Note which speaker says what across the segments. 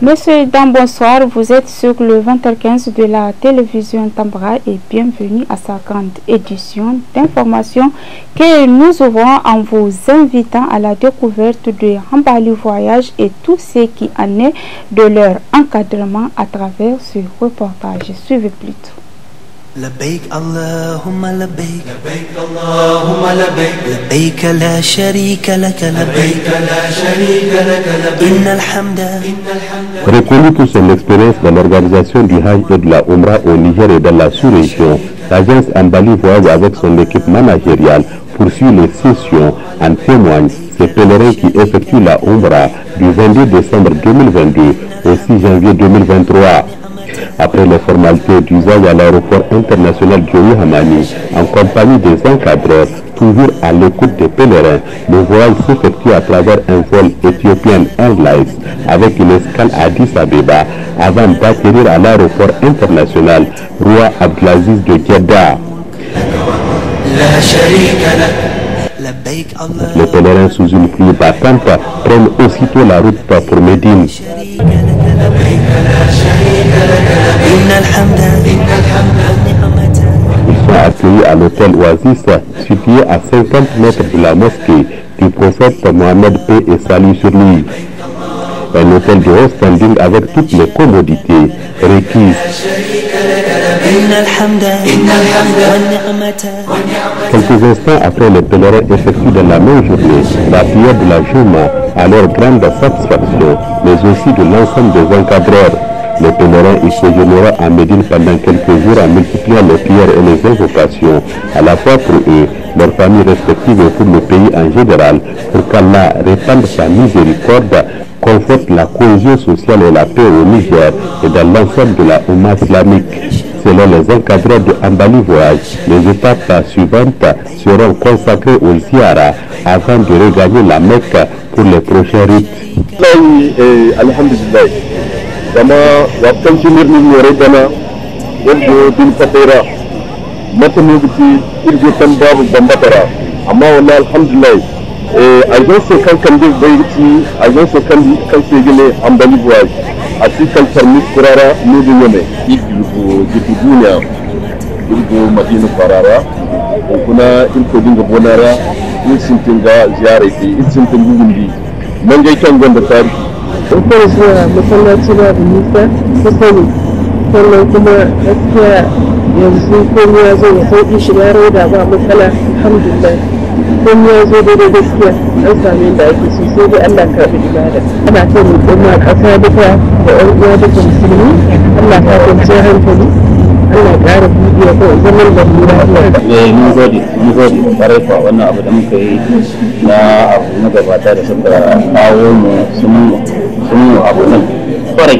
Speaker 1: Monsieur et bonsoir. Vous êtes sur le 20 15 de la télévision Tambra et bienvenue à sa grande édition d'informations que nous aurons en vous invitant à la découverte de Rambali Voyage et tout ce qui en est de leur encadrement à travers ce reportage. Suivez plutôt.
Speaker 2: لبيك
Speaker 3: pour son expérience dans l'organisation du Hajj et de la ombra au Niger et dans la sous-région, l'agence Ambali Voyage avec son équipe managériale poursuit les sessions en témoigne ces pèlerins qui effectuent la Umrah du 22 décembre 2022 au 6 janvier 2023 après les formalités d'usage à l'aéroport international de Hamani, en compagnie des encadreurs, toujours à l'écoute des pèlerins, le voyage s'effectue à travers un vol Ethiopian Airlines avec une escale à Addis Abeba avant d'atterrir à l'aéroport international Roi Abdelaziz de Jeddah. Les pèlerins sous une pluie battante prennent aussitôt la route pour Médine. Ils sont accueillis à l'hôtel Oasis, situé à 50 mètres de la mosquée du prophète Mohamed P. et salut sur lui. Un hôtel de haut standing avec toutes les commodités requises. Quelques instants après le pèlerins effectué dans la même journée la prière de la Juma à leur grande satisfaction, mais aussi de l'ensemble des encadreurs. Les pèlerins y séjourneront à Médine pendant quelques jours en multipliant les prières et les invocations, à la fois pour eux, leurs familles respectives et pour le pays en général, pour qu'Allah répande sa miséricorde, conforte la cohésion sociale et la paix au Niger et dans l'ensemble de la Ouma islamique. Selon les encadrés de Ambali Voyage, les étapes suivantes seront consacrées au Ziara afin de regagner la Mecque pour les prochains rites. Ah eh, asikaltarmi kurara mudu yome ilgo jitu duniya ilgo madina farara kuna ilko dinga bonara ilsintinga ziyarati ilsintin gugumbi
Speaker 4: mangay kan gonda tari in fara zuwa masallaci na da nisa kusa ne sannan kuma gaskiya yanzu komai ya zo ya sauƙi shiga rai da ba matsala alhamdulillah don ya zo daidai gaskiya an sami yadda ake so sai dai Allah karɓi ibada ana ta roƙon ma ƙasa duka da ƴan uwa duka musulmi Allah ta kwanciyar hankali Allah ya ƙara buɗewa ko zaman da mu lafiya. Eh, mun gode mun gode ƙwarai kuwa wannan abu da muka yi na abu na gabata da suka kawo mu sun mu abu nan kwarai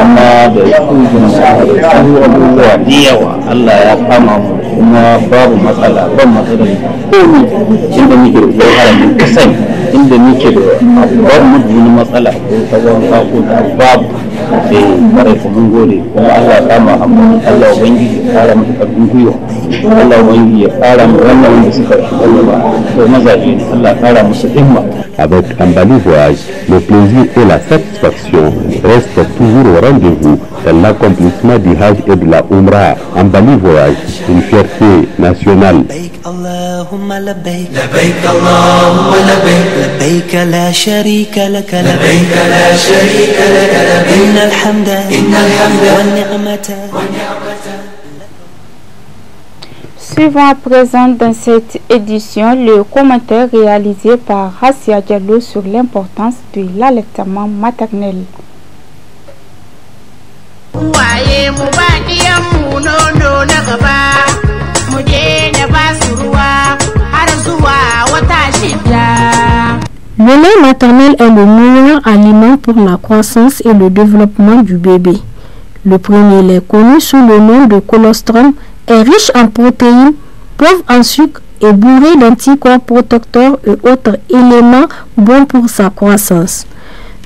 Speaker 4: amma da su gina abubuwa da yawa Allah ya kama mu kuma babu matsala ban matsala komi inda muke da kasan inda muke da babu wani matsala ko ta zama kako da babu eh mara mun gode kuma
Speaker 3: Allah ya kama amma Allah ubangiji kara mata ƙarfin gwiwa Allah wani ya fara mu wannan wanda suka shugaba to mazaje Allah fara musu himma Avec Ambali Voyage, le plaisir et la satisfaction restent toujours au rendez-vous de l'accomplissement du Hajj et de la Umrah. Ambali Voyage, une fierté nationale.
Speaker 1: Suivons à présent dans cette édition le commentaire réalisé par Rassia Diallo sur l'importance de l'allaitement maternel. Le
Speaker 5: lait maternel est le meilleur aliment pour la croissance et le développement du bébé. Le premier lait connu sous le nom de colostrum est riche en protéines, pauvre en sucre et bourré d'anticorps protecteurs et autres éléments bons pour sa croissance.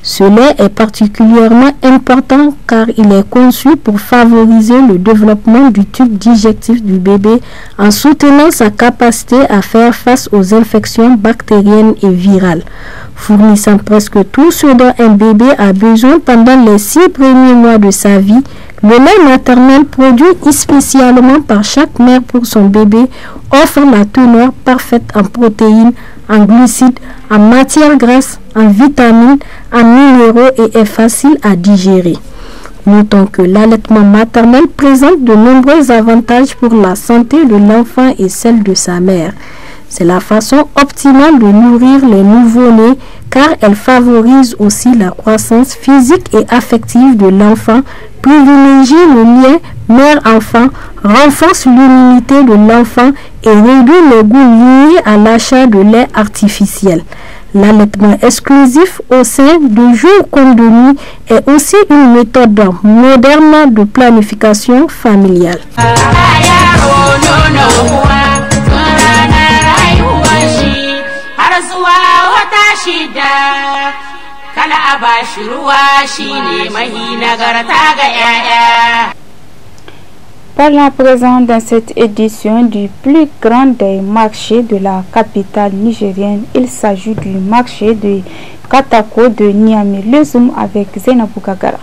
Speaker 5: Ce lait est particulièrement important car il est conçu pour favoriser le développement du tube digestif du bébé en soutenant sa capacité à faire face aux infections bactériennes et virales, fournissant presque tout ce dont un bébé a besoin pendant les six premiers mois de sa vie le lait maternel produit spécialement par chaque mère pour son bébé offre la teneur parfaite en protéines, en glucides, en matières grasses, en vitamines, en minéraux et est facile à digérer. Notons que l'allaitement maternel présente de nombreux avantages pour la santé de l'enfant et celle de sa mère. C'est la façon optimale de nourrir les nouveau-nés car elle favorise aussi la croissance physique et affective de l'enfant, privilégie le lien mère-enfant, renforce l'immunité de l'enfant et réduit le goût lié à l'achat de lait artificiel. L'allaitement exclusif au sein de jour comme de nuit est aussi une méthode moderne de planification familiale. Oh,
Speaker 1: Par la présence dans cette édition du plus grand des marchés de la capitale nigérienne, il s'agit du marché de Katako de Niamey, le avec Zenabou Kagara.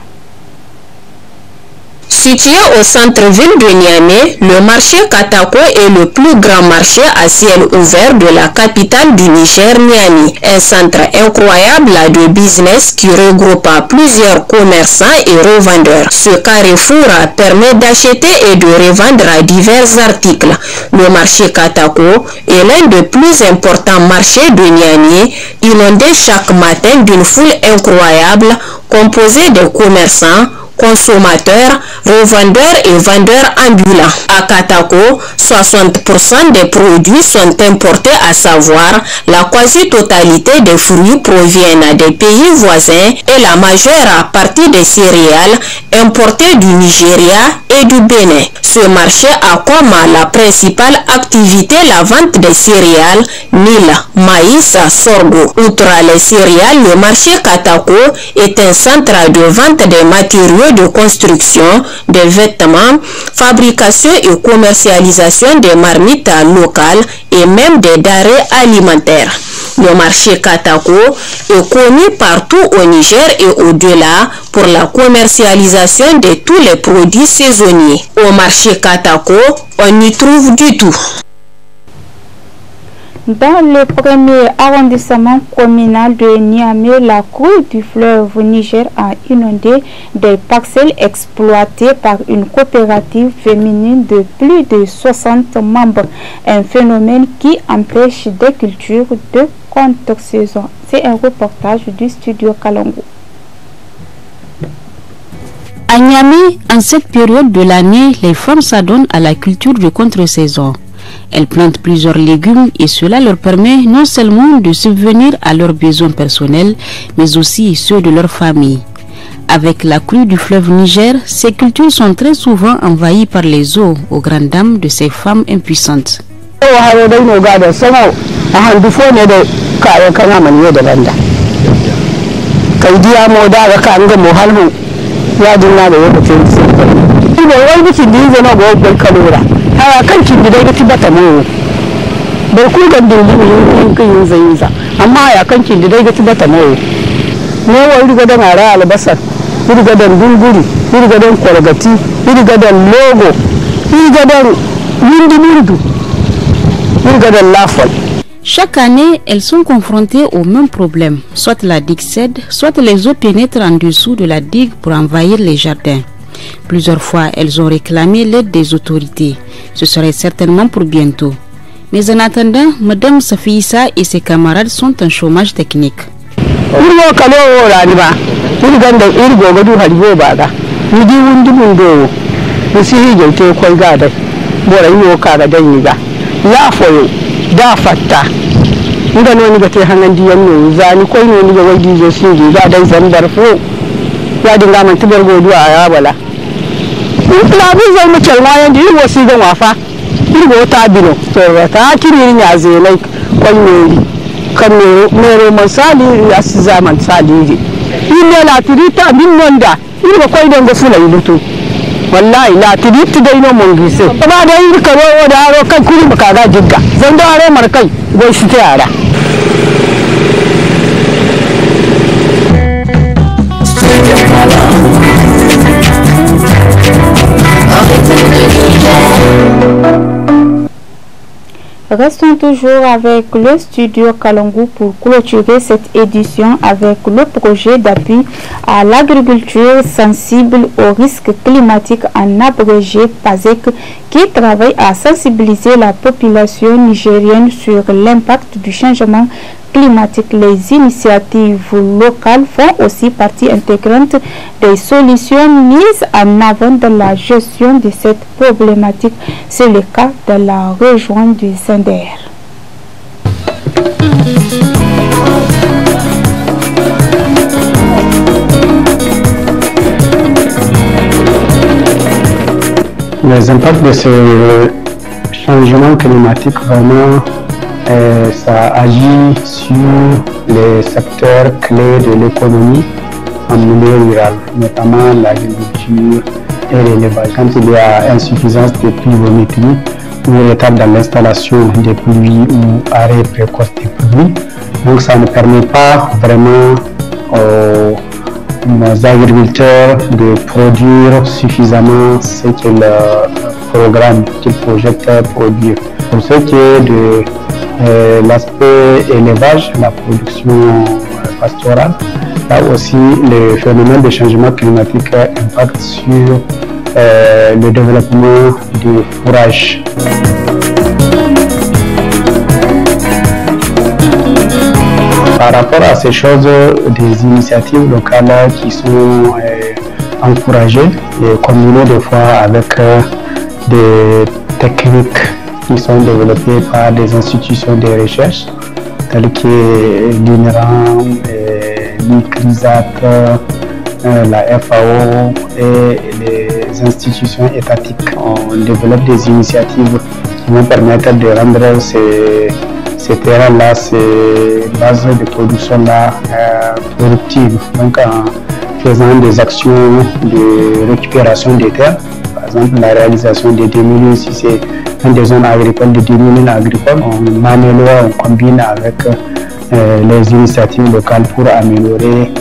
Speaker 6: Situé au centre-ville de Niamey, le marché Katako est le plus grand marché à ciel ouvert de la capitale du Niger, Niamey. Un centre incroyable de business qui regroupe plusieurs commerçants et revendeurs. Ce carrefour permet d'acheter et de revendre à divers articles. Le marché Katako est l'un des plus importants marchés de Niamey, inondé chaque matin d'une foule incroyable composée de commerçants, consommateurs, revendeurs et vendeurs ambulants. À Katako, 60% des produits sont importés, à savoir la quasi-totalité des fruits proviennent des pays voisins et la majeure partie des céréales importées du Nigeria du Bénin. Ce marché a comme la principale activité la vente des céréales, nil, maïs, sorgho. Outre les céréales, le marché Katako est un centre de vente des matériaux de construction, des vêtements, fabrication et commercialisation des marmites locales et même des darés alimentaires. Le marché Katako est connu partout au Niger et au-delà pour la commercialisation de tous les produits saisonniers. Au marché Katako, on y trouve du tout.
Speaker 1: Dans le premier arrondissement communal de Niamey, la cour du fleuve Niger a inondé des parcelles exploitées par une coopérative féminine de plus de 60 membres, un phénomène qui empêche des cultures de contre saison. C'est un reportage du studio Kalongo. À Niamey, en cette période de l'année, les femmes s'adonnent à la culture de contre-saison. Elles plantent plusieurs légumes et cela leur permet non seulement de subvenir à leurs besoins personnels, mais aussi ceux de leur famille. Avec la crue du fleuve Niger, ces cultures sont très souvent envahies par les eaux aux grandes dames de ces femmes impuissantes. a du fo ne da kayan kana man ne da banda
Speaker 4: kai diya mo da ga kan ga mo halhu ya dinna da yau ce sai ka ni ne wai bikin din zama go ban kalura ha kan kin gida da bata mo bai ku ga din din kin yin zai za amma ya kan kin gida da tibata mo ne wai riga da mara albasar riga da dunguri riga da kwargati riga da logo riga da windi mirdu riga
Speaker 1: da lafal Chaque année, elles sont confrontées au même problème. Soit la digue cède, soit les eaux pénètrent en dessous de la digue pour envahir les jardins. Plusieurs fois, elles ont réclamé l'aide des autorités. Ce serait certainement pour bientôt. Mais en attendant, Madame Safiissa et ses camarades sont en chômage technique.
Speaker 4: da fatta nga noni ga te hangan di yanno zani koy noni ga wadi zo singi ga dan zambar fo ya dinga man tibar godu a yabala. bala la bu zai mu chalma yan di wo si ga wafa irgo ta bino to ta kiri ni azelai koy noni kan ne mero man sali asi zaman sali ni ne la ta min irin nonda irgo koy den go fulai lutu wallahi la tudi tudai no mun gise ba da yin ka da aro kan kuri baka ga jigga zan da ro mar kai wai su yara
Speaker 1: Thank you. Restons toujours avec le studio Kalongo pour clôturer cette édition avec le projet d'appui à l'agriculture sensible aux risques climatiques en abrégé PASEC qui travaille à sensibiliser la population nigérienne sur l'impact du changement climatique. Les initiatives locales font aussi partie intégrante des solutions mises en avant dans la gestion de cette problématique. C'est le cas de la région du Sender.
Speaker 2: Les impacts de ce changement climatique vraiment euh, ça agit sur les secteurs clés de l'économie en milieu rural, notamment l'agriculture et l'élevage. Quand il y a insuffisance de prix ou retard dans l'installation des pluies ou arrêt précoce des pluies, donc ça ne permet pas vraiment aux agriculteurs de produire suffisamment ce que euh, le programme, qu'ils projettent euh, produire. Pour ce qui de euh, l'aspect élevage, la production euh, pastorale. Là aussi, les phénomène de changement climatique impacte sur euh, le développement du fourrage. Par rapport à ces choses, des initiatives locales qui sont encouragées et combinées des fois avec des techniques qui sont développées par des institutions de recherche telles que l'INRAM, l'ICRISAT, euh, la FAO et les institutions étatiques. On développe des initiatives qui vont permettre de rendre ces, terrains-là, ces bases de production-là euh, productives. Donc en faisant des actions de récupération des terres par exemple, la réalisation des 2000, si c'est une des zones agricoles de 2000 agricoles, on améliore, on combine avec euh, les initiatives locales pour améliorer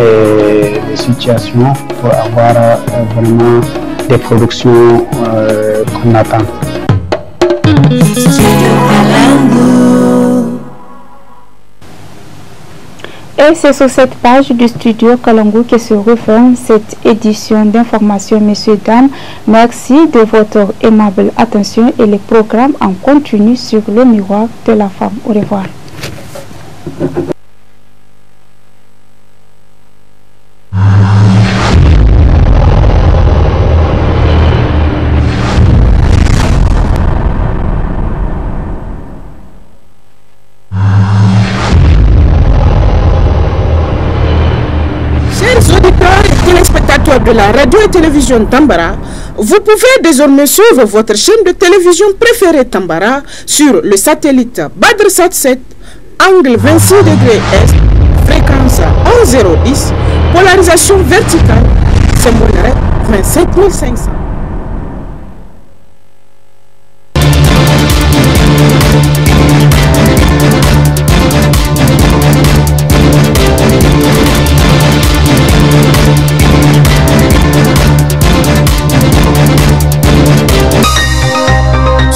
Speaker 2: euh, les situations, pour avoir euh, vraiment des productions qu'on attend.
Speaker 1: Et c'est sur cette page du studio Kalangu que se referme cette édition d'information, messieurs, dames. Merci de votre aimable attention et les programmes en continu sur le miroir de la femme. Au revoir.
Speaker 2: de la radio et télévision Tambara, vous pouvez désormais suivre votre chaîne de télévision préférée Tambara sur le satellite badr 7, angle 26 degrés Est, fréquence 11010, polarisation verticale, symbole 27500.